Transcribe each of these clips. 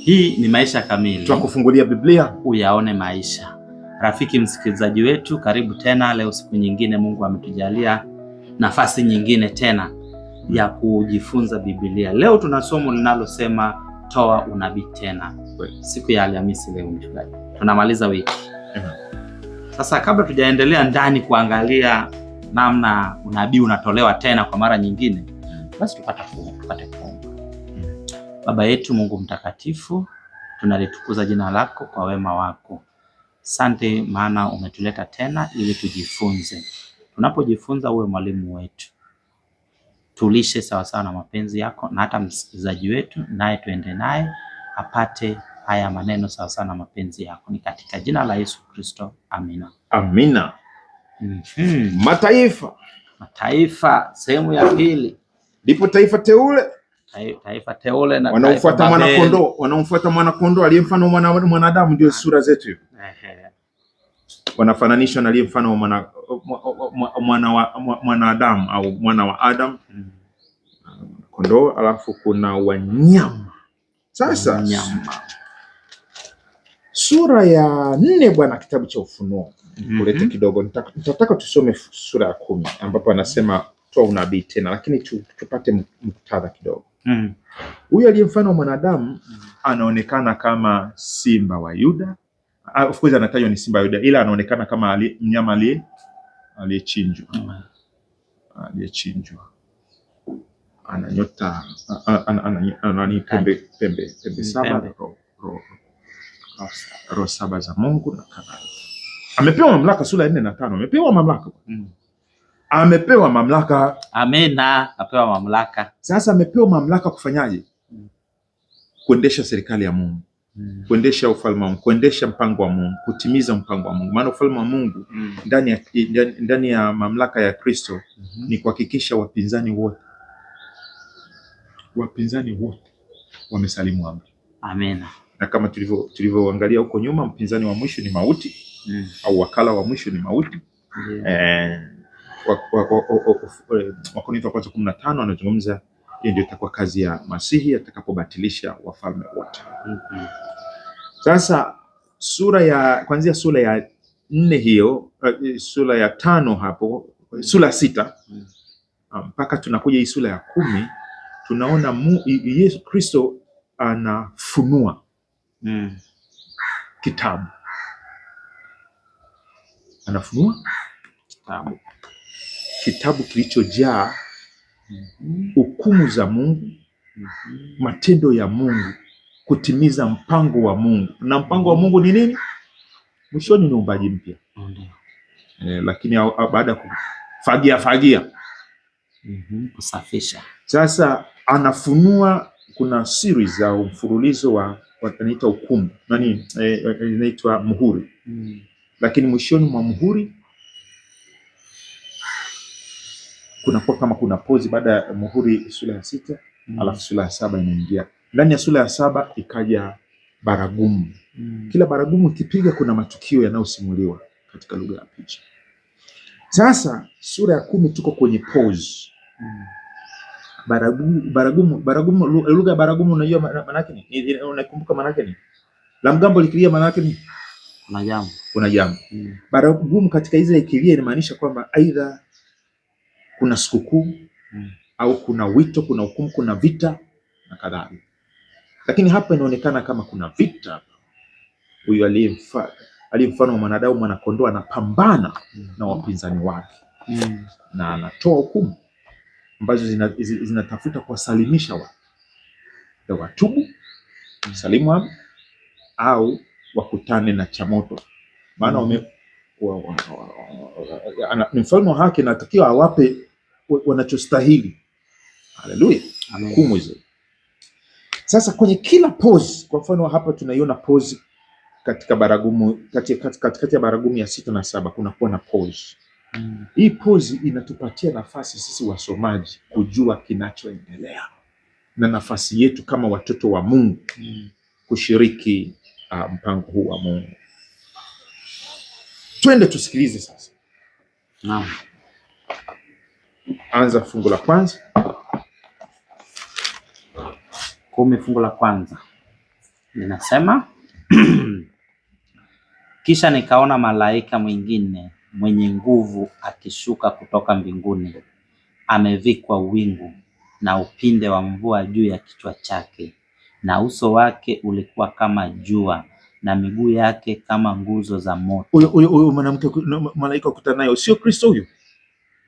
Hii ni Maisha Kamili, twakufungulia Biblia uyaone maisha. Rafiki msikilizaji wetu, karibu tena. Leo siku nyingine, Mungu ametujalia nafasi nyingine tena ya kujifunza Biblia. Leo tuna somo linalosema toa unabii tena, siku ya Alhamisi. Leo mchungaji, tunamaliza wiki mhm. sasa. Kabla tujaendelea ndani kuangalia namna unabii unatolewa tena kwa mara nyingine, basi tupate Baba yetu Mungu mtakatifu, tunalitukuza jina lako kwa wema wako. Sante maana umetuleta tena ili tujifunze. Tunapojifunza uwe mwalimu wetu, tulishe sawasawa na mapenzi yako, na hata msikilizaji wetu naye tuende naye apate haya maneno sawasawa na mapenzi yako, ni katika jina la Yesu Kristo, amina, amina. Mm -hmm. Mataifa, mataifa, sehemu ya pili. Lipo taifa teule taifa teule na wanaofuata mwana kondoo, wanaofuata mwana kondoo aliye mfano wa mwanadamu, ndio sura zetu hiyo. Wanafananishwa na aliye mfano wa mwana mwanadamu au mwana wa Adam kondoo, alafu kuna wanyama. Sasa nyama Sura ya nne bwana, kitabu cha Ufunuo kulete mm -hmm. kidogo nitataka tusome sura ya kumi ambapo anasema toa unabii tena, lakini tupate muktadha kidogo Mm. huyu aliye mfano wa mwanadamu mm anaonekana kama simba wa Yuda. Ah, of course anatajwa ni simba wa Yuda, ila anaonekana kama ali, mnyama aliye aliyechinjwa mm -hmm. ana ananyota anani pembe pembe pembe saba ro, ro, ro saba za Mungu na kadhalika. Amepewa mamlaka, sura ya nne na tano amepewa mamlaka mm amepewa mamlaka. Amena, apewa mamlaka. Sasa amepewa mamlaka kufanyaje? Kuendesha serikali ya Mungu Hmm. Kuendesha ufalme wa Mungu, kuendesha mpango wa Mungu, kutimiza mpango wa Mungu. Maana ufalme wa Mungu hmm. ndani ya, ndani ya mamlaka ya Kristo hmm. ni kuhakikisha wapinzani wote wapinzani wote wamesalimu amri. Amina. Na kama tulivyoangalia huko nyuma, mpinzani wa mwisho ni mauti hmm. au wakala wa mwisho ni mauti yeah. eh, Wakorintho wa kwanza kumi na tano anazungumza hiyo ndio itakuwa kazi ya Masihi atakapobatilisha wafalme wote. Mm-hmm. Sasa sura ya kuanzia sura ya nne hiyo eh, sura ya tano hapo sura ya sita mm-hmm. um, mpaka tunakuja hii sura ya kumi tunaona Yesu Kristo anafunua mm. kitabu anafunua kitabu kitabu kilichojaa hukumu za Mungu, matendo ya Mungu, kutimiza mpango wa Mungu. Na mpango wa Mungu ni nini? Mwishoni ni uumbaji mpya. Eh, lakini baada ya kufagia fagia mhm, kusafisha, sasa anafunua kuna series za mfululizo wa wanaita hukumu nani, eh, eh, inaitwa eh, muhuri mm. Lakini mwishoni mwa muhuri kunakuwa kama kuna pozi baada ya Muhuri sura ya sita mm. alafu sura ya saba inaingia. Ndani ya sura ya saba ikaja baragumu mm. Kila baragumu ikipiga kuna matukio yanayosimuliwa katika lugha ya picha. Sasa sura ya kumi tuko kwenye pozi mm. Baragumu, baragumu, baragumu, lugha ya baragumu unajua maana yake ni, unakumbuka maana yake ni la mgambo likilia, maana yake ni kuna jambo, kuna jambo mm. Baragumu katika Israeli ikilia inamaanisha kwamba aidha kuna sikukuu mm. au kuna wito, kuna hukumu, kuna vita na kadhalika. Lakini hapa inaonekana kama kuna vita. Huyu aliye mfano wa mwanadamu, mwanakondoo, anapambana mm. na wapinzani wake mm. na anatoa hukumu ambazo zinatafuta zina kuwasalimisha watu watubu salimu am, au wakutane na chamoto maana mm. ni mfalme wa haki, natakiwa awape wanachostahili. Haleluya, hukumu hizo. Sasa kwenye kila pozi kwa mfano hapa tunaiona pozi katika baragumu katikati kati ya baragumu ya sita na saba kunakuwa na pozi Hmm. Hii pozi inatupatia nafasi sisi wasomaji kujua kinachoendelea na nafasi yetu kama watoto wa Mungu hmm, kushiriki uh, mpango huu wa Mungu. Twende tusikilize sasa. Naam anza fungu la kwanza. Kumi fungu la kwanza linasema kisha nikaona malaika mwingine mwenye nguvu akishuka kutoka mbinguni, amevikwa wingu na upinde wa mvua juu ya kichwa chake, na uso wake ulikuwa kama jua na miguu yake kama nguzo za moto. Huyo mwanamke malaika ukutana nayo sio Kristo huyo?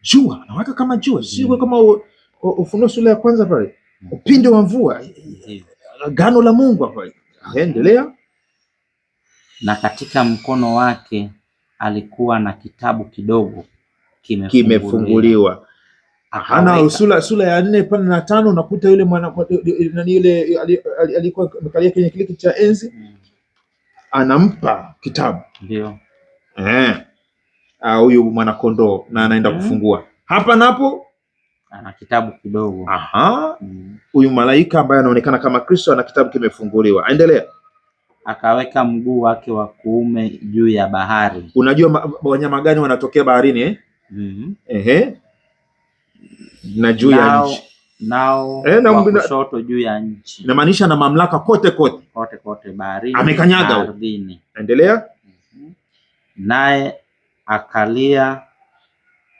jua anaweka kama jua sio mm. kama Ufunuo sura ya kwanza pale mm. upinde wa mvua eh, eh, eh. agano la Mungu pale aendelea. Na katika mkono wake alikuwa na kitabu kidogo kimefunguliwa. Hana sura sura ya nne pale na tano unakuta yule mwana nani yule alikuwa amekalia kwenye kile cha enzi, mm. anampa kitabu ndio eh Ah, huyu uh, mwanakondoo na anaenda mm. kufungua hapa napo ana kitabu kidogo. Aha, mm. huyu mm. malaika ambaye anaonekana kama Kristo ana kitabu kimefunguliwa. Endelea. Akaweka mguu wake wa kuume juu ya bahari. Unajua wanyama gani wanatokea baharini eh? mm -hmm. na juu ya nchi nao e, na kushoto juu ya nchi, namaanisha na mamlaka kote kote kote kote, baharini, amekanyaga. Endelea. mm -hmm. naye akalia,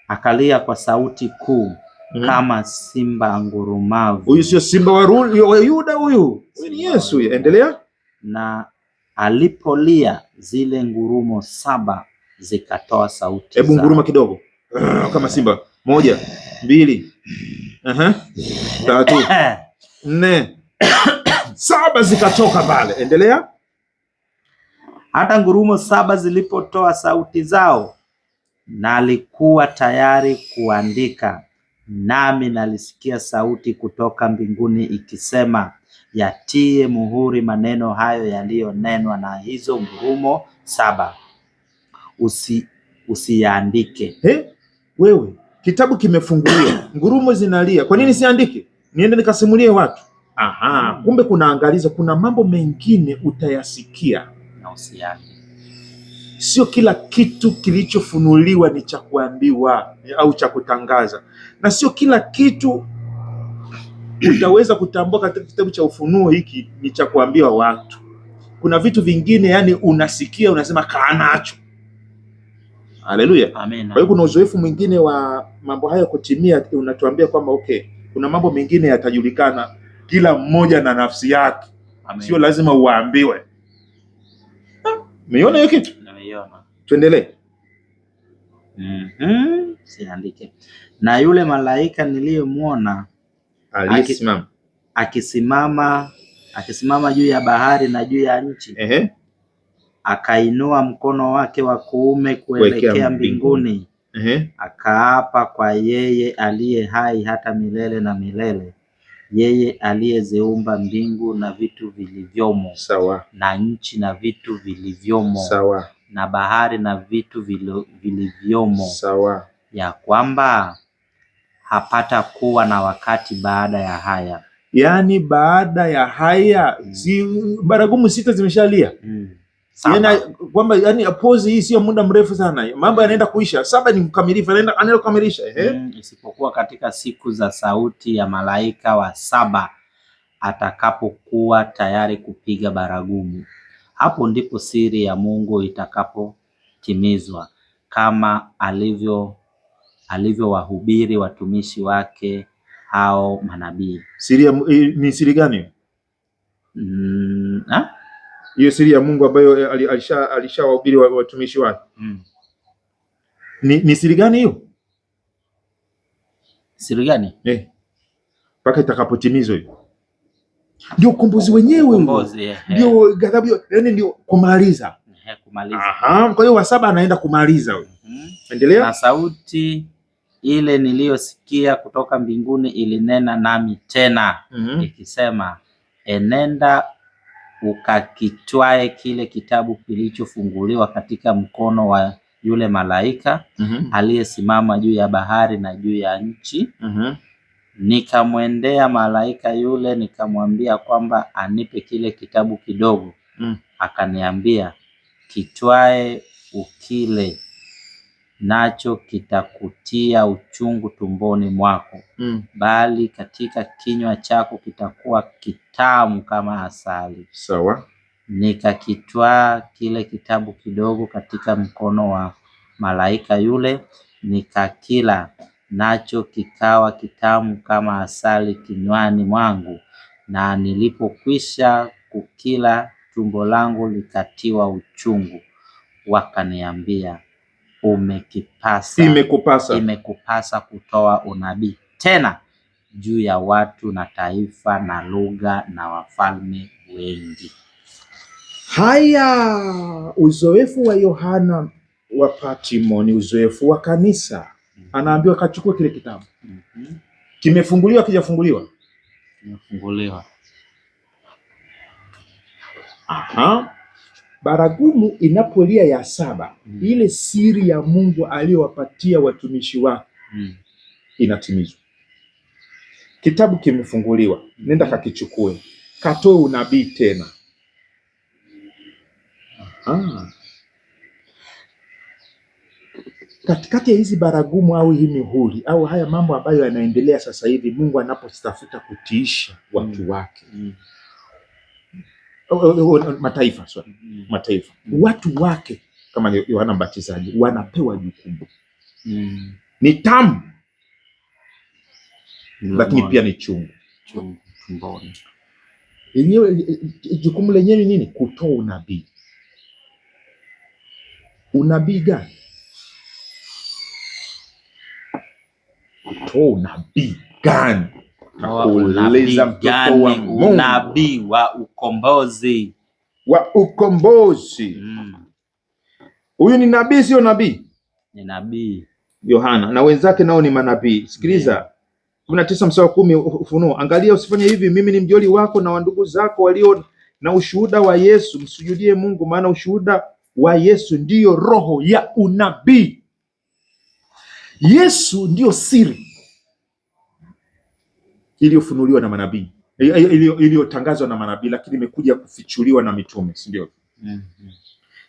akalia kwa sauti kuu mm kama simba ngurumavu. Huyu sio simba wa Yuda, huyu huyu ni Yesu. Endelea. Na alipolia zile ngurumo saba zikatoa sauti. Hebu nguruma kidogo ah, kama simba. Moja, mbili, -huh. tatu, nne, saba zikatoka pale. Endelea. Hata ngurumo saba zilipotoa sauti zao na alikuwa tayari kuandika. Nami nalisikia sauti kutoka mbinguni ikisema, yatie muhuri maneno hayo yaliyonenwa na hizo ngurumo saba, usi usiyaandike. He, eh, wewe kitabu kimefunguliwa, ngurumo zinalia, kwa nini siandike? Niende nikasimulie watu? Aha, hmm. kumbe kuna angalizo, kuna mambo mengine utayasikia na usiandike. Sio kila kitu kilichofunuliwa ni cha kuambiwa au cha kutangaza, na sio kila kitu utaweza kutambua katika kitabu cha Ufunuo hiki ni cha kuambiwa watu. Kuna vitu vingine, yani unasikia unasema kaanacho. Haleluya, amen. Kwa hiyo kuna uzoefu mwingine wa mambo haya kutimia, unatuambia kwamba okay, kuna mambo mengine yatajulikana kila mmoja na nafsi yake, sio lazima uwaambiwe. Umeona hiyo kitu? tuendelee. mm -hmm. Siandike. Na yule malaika niliyemwona alisimama akisimama akisimama juu ya bahari na juu ya nchi Ehe. Akainua mkono wake wa kuume kuelekea mbinguni Ehe. Akaapa kwa yeye aliye hai hata milele na milele, yeye aliyeziumba mbingu na vitu vilivyomo, sawa, na nchi na vitu vilivyomo, sawa na bahari na vitu vilivyomo, sawa ya kwamba hapata kuwa na wakati baada ya haya. Yaani baada ya haya zi, hmm. baragumu sita zimeshalia mm. Yana, kwamba yani pause hii sio muda mrefu sana, mambo hmm. yanaenda kuisha. Saba ni mkamilifu, anaenda anaenda kukamilisha mm, isipokuwa katika siku za sauti ya malaika wa saba atakapokuwa tayari kupiga baragumu. Hapo ndipo siri ya Mungu itakapotimizwa kama alivyo alivyowahubiri watumishi wake hao manabii. Siri ni siri gani? Mm, ah? hiyo siri ya Mungu ambayo eh, alishawahubiri alisha watumishi wake mm. Ni, ni siri gani hiyo? Siri gani? Eh, mpaka itakapotimizwa hiyo ndio ukombozi wenyewe, eh, eh. ndio ghadhabu, yani ndio kumaliza. Eh, kwa hiyo wa saba anaenda kumaliza mhm. Endelea. Na sauti ile niliyosikia kutoka mbinguni ilinena nami tena mhm. ikisema, mm -hmm. enenda ukakitwae kile kitabu kilichofunguliwa katika mkono wa yule malaika mm -hmm. aliyesimama juu ya bahari na juu ya nchi mm -hmm. Nikamwendea malaika yule nikamwambia kwamba anipe kile kitabu kidogo mm. Akaniambia, kitwae ukile nacho kitakutia uchungu tumboni mwako mm. Bali katika kinywa chako kitakuwa kitamu kama asali. Sawa. Nikakitwaa kile kitabu kidogo katika mkono wa malaika yule nikakila nacho kikawa kitamu kama asali kinywani mwangu, na nilipokwisha kukila tumbo langu likatiwa uchungu. Wakaniambia, umekipasa imekupasa, imekupasa kutoa unabii tena juu ya watu na taifa na lugha na wafalme wengi. Haya, uzoefu wa Yohana wa Patmo ni uzoefu wa kanisa Mhm. anaambiwa kachukue kile kitabu. mm -hmm. Kimefunguliwa kijafunguliwa? Kimefunguliwa. Aha. Baragumu inapolia ya saba, mm ile siri ya Mungu aliyowapatia watumishi wake mm inatimizwa. Kitabu kimefunguliwa, nenda mhm. kakichukue, katoe unabii tena. Aha. katikati ya hizi baragumu au hii mihuri au haya mambo ambayo yanaendelea sasa hivi, Mungu anapotafuta kutiisha watu mm. wake mm. O, mataifa mm. mataifa mm. watu wake kama Yohana Mbatizaji wanapewa jukumu mm. ni tamu lakini pia ni chungu yenyewe. E, e, e, jukumu lenyewe ni nini? Kutoa unabii. Unabii gani? roho gani? mtoto wa Mungu, wa ukombozi, wa ukombozi. Mm. Huyu mm. ni nabii, sio nabii? Ni nabii Yohana na wenzake nao ni manabii. Sikiliza kumi na tisa mstari wa kumi Ufunuo, angalia usifanye hivi, mimi ni mjoli wako na wandugu zako walio na ushuhuda wa Yesu, msujudie Mungu, maana ushuhuda wa Yesu ndiyo roho ya unabii. Yesu ndiyo siri iliyofunuliwa na manabii, iliyotangazwa na manabii, lakini imekuja kufichuliwa na mitume, si ndio? mm -hmm.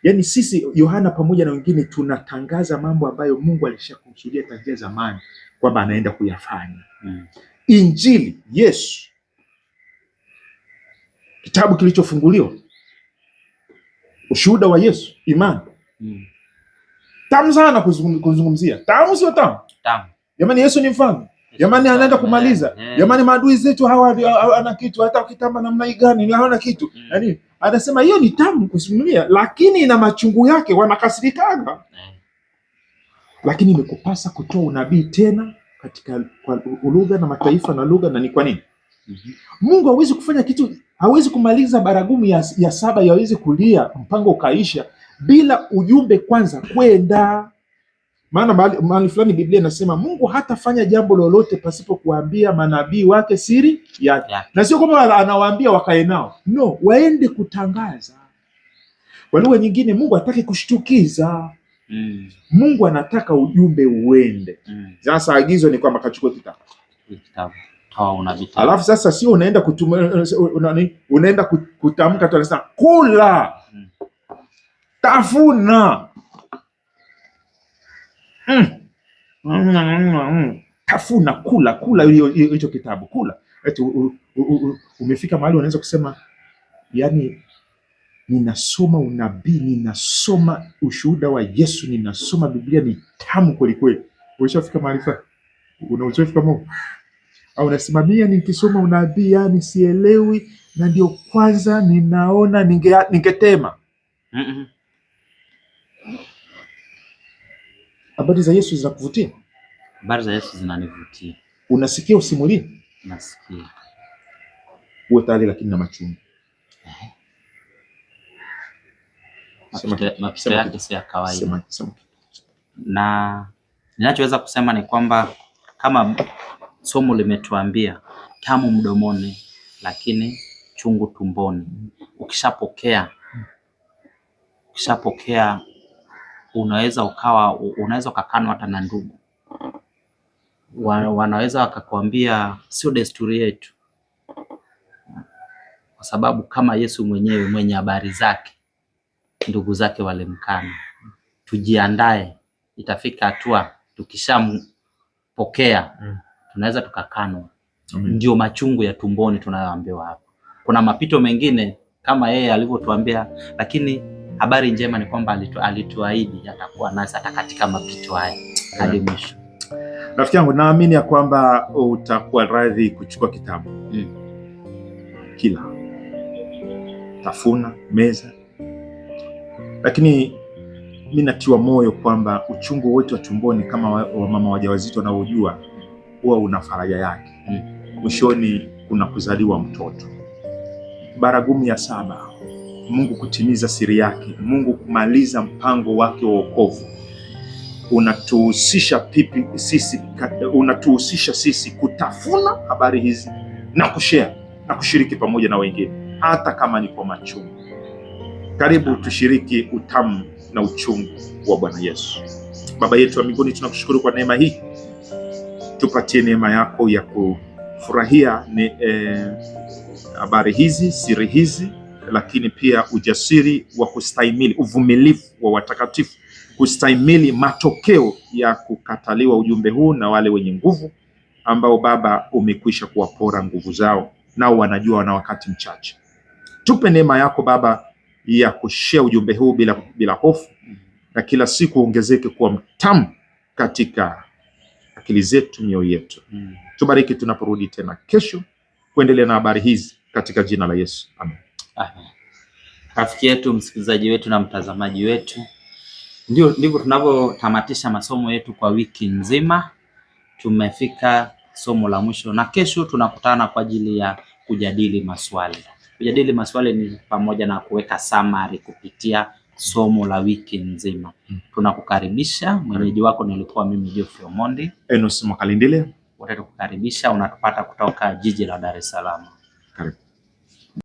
Yaani sisi Yohana pamoja na wengine tunatangaza mambo ambayo Mungu alishakusudia tangia zamani kwamba anaenda kuyafanya. mm. Injili, Yesu, kitabu kilichofunguliwa, ushuhuda wa Yesu, imani. mm. Tamu sana kuzungumzia, tamu sio tamu? Tamu jamani, Yesu ni mfano Jamani, anaenda kumaliza mm. jamani, maadui zetu hawa ana kitu, hata ukitamba namna gani hawana kitu. Mm. Yaani anasema hiyo ni tamu kusimulia, lakini ina machungu yake, wanakasirikana. Mm. Lakini imekupasa kutoa unabii tena katika lugha na mataifa na lugha, na ni kwa nini? Mm-hmm. Mungu hawezi kufanya kitu, hawezi kumaliza baragumu ya, ya saba yaweze kulia mpango ukaisha bila ujumbe kwanza kwenda maana mahali fulani Biblia inasema Mungu hatafanya jambo lolote pasipo kuambia manabii wake siri yake, yeah. Na sio kwamba anawaambia wakae nao, no, waende kutangaza. Kwa lugha nyingine, Mungu hataki kushtukiza mm. Mungu anataka ujumbe uende mm. sasa Agizo ni kwamba kachukue kitabu kitabu Alafu sasa sio unaenda kutumia, unaenda kutamka tu, anasema kula, mm. tafuna, mm. Mm, mm, mm. Tafuna, kula kula hicho kitabu, kula eti umefika mahali unaweza kusema yani, ninasoma unabii, ninasoma ushuhuda wa Yesu, ninasoma Biblia ni tamu kweli kweli. Ulishafika mahali fa una uzoefu kama huo au unasimamia, nikisoma unabii yani sielewi, na ndio kwanza ninaona ningetema ninge mm -mm. Habari za Yesu zinakuvutia? Habari za Yesu zinanivutia. Unasikia usimulie? Nasikia. Uwe tayari lakini na machungu. Mapito yake si ya kawaida, na ninachoweza kusema ni kwamba kama somo limetuambia tamu mdomoni lakini chungu tumboni. Ukishapokea ukishapokea unaweza ukawa unaweza ukakanwa hata na ndugu wa, wanaweza wakakwambia sio desturi yetu, kwa sababu kama Yesu mwenyewe mwenye habari zake ndugu zake walimkana. Tujiandae, itafika hatua tukishampokea tunaweza tukakanwa. Ndio machungu ya tumboni tunayoambiwa hapa. Kuna mapito mengine kama yeye alivyotuambia, lakini Habari njema ni kwamba alituahidi atakuwa nasi hata katika mapito haya hadi mwisho. Rafiki yangu, naamini ya kwamba utakuwa radhi kuchukua kitabu mm. kila tafuna meza, lakini mi natiwa moyo kwamba uchungu wote wa tumboni kama wamama wajawazito wanaojua huwa una faraja yake mm. mwishoni mm. kuna kuzaliwa mtoto. Baragumu ya saba Mungu kutimiza siri yake, Mungu kumaliza mpango wake wa wokovu. Unatuhusisha pipi sisi, unatuhusisha sisi kutafuna habari hizi na kushare na kushiriki pamoja na wengine, hata kama ni kwa machungu. Karibu tushiriki utamu na uchungu wa Bwana Yesu. Baba yetu wa mbinguni, tunakushukuru kwa neema hii, tupatie neema yako ya kufurahia ne, eh, habari hizi, siri hizi lakini pia ujasiri wa kustahimili, uvumilivu wa watakatifu, kustahimili matokeo ya kukataliwa ujumbe huu na wale wenye nguvu ambao Baba umekwisha kuwapora nguvu zao, nao wanajua wana wakati mchache. Tupe neema yako Baba ya kushea ujumbe huu bila bila hofu, na kila siku ongezeke kuwa mtamu katika akili zetu, mioyo yetu. Mm. Tubariki tunaporudi tena kesho kuendelea na habari hizi katika jina la Yesu, amen. Rafiki yetu, msikilizaji wetu na mtazamaji wetu, ndio ndivyo tunavyotamatisha masomo yetu kwa wiki nzima. Tumefika somo la mwisho na kesho tunakutana kwa ajili ya kujadili maswali. Kujadili maswali ni pamoja na kuweka samari kupitia somo la wiki nzima. Tunakukaribisha. Mwenyeji wako nilikuwa mimi Geoffrey Omondi, Enos Makalindile. Wote tukukaribisha, unatupata kutoka jiji la Dar es Salaam. Karibu.